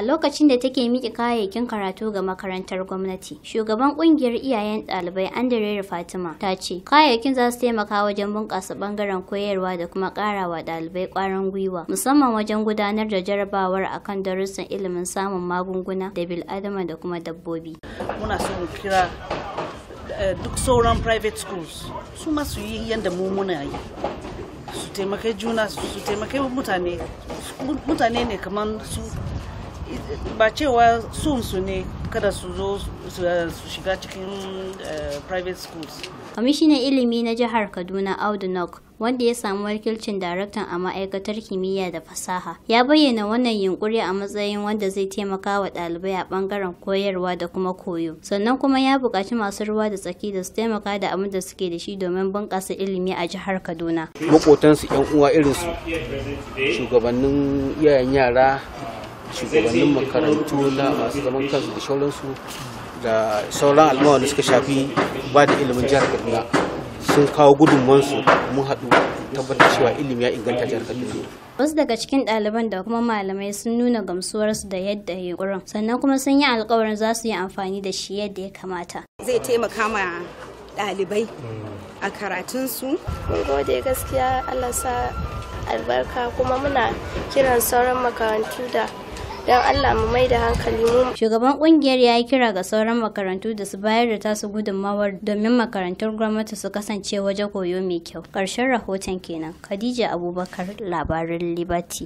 a lokacin da take miƙe kayayyakin karatu ga makarantar gwamnati. Shugaban ƙungiyar iyayen ɗalibai Andre Fatima ta ce, kayayyakin za su taimaka wajen bunƙasa ɓangaren koyarwa da kuma ƙarawa ɗalibai ƙwarin gwiwa, musamman wajen gudanar da jarabawar akan darussan ilimin samun magunguna da bil'adama da kuma dabbobi. Muna so mu kira eh, duk sauran private schools su ma su yi yadda mu muna yi su taimakai juna su taimakai mutane mutane ne kamar su ba cewa sun su ne kada su zo su shiga cikin eh, private schools. kwamishinan ilimi na jihar kaduna audu nok wanda ya samu wakilcin daraktan a ma'aikatar kimiyya da fasaha ya bayyana wannan yunkuri a matsayin wanda zai taimaka wa ɗalibai a ɓangaren koyarwa da kuma koyo sannan kuma ya buƙaci masu ruwa da tsaki da su taimaka da abin da suke da shi domin bunƙasa ilimi a jihar kaduna maƙotansu 'yan uwa irinsu shugabannin iyayen yara shugabannin makarantu na masu zaman kansu da shauransu da sauran al'umma da suka shafi ba da ilimin jihar kaduna sun kawo gudunmansu mun haɗu tabbatar cewa ilimi ya inganta jihar kaduna wasu daga cikin ɗaliban da kuma malamai sun nuna gamsuwarsu da yadda yunkurin sannan kuma sun yi alkawarin za su yi amfani da shi yadda ya kamata zai taimaka ma ɗalibai a karatunsu mun gode gaskiya allah sa albarka kuma muna kiran sauran makarantu da don Allah mu mai da hankali mu. Shugaban kungiyar ya yi kira ga sauran makarantu da su bayar da tasu gudunmawar domin makarantar gwamnati su kasance waje koyo mai kyau. Ƙarshen rahoton kenan. Khadija Abubakar labarin Liberty.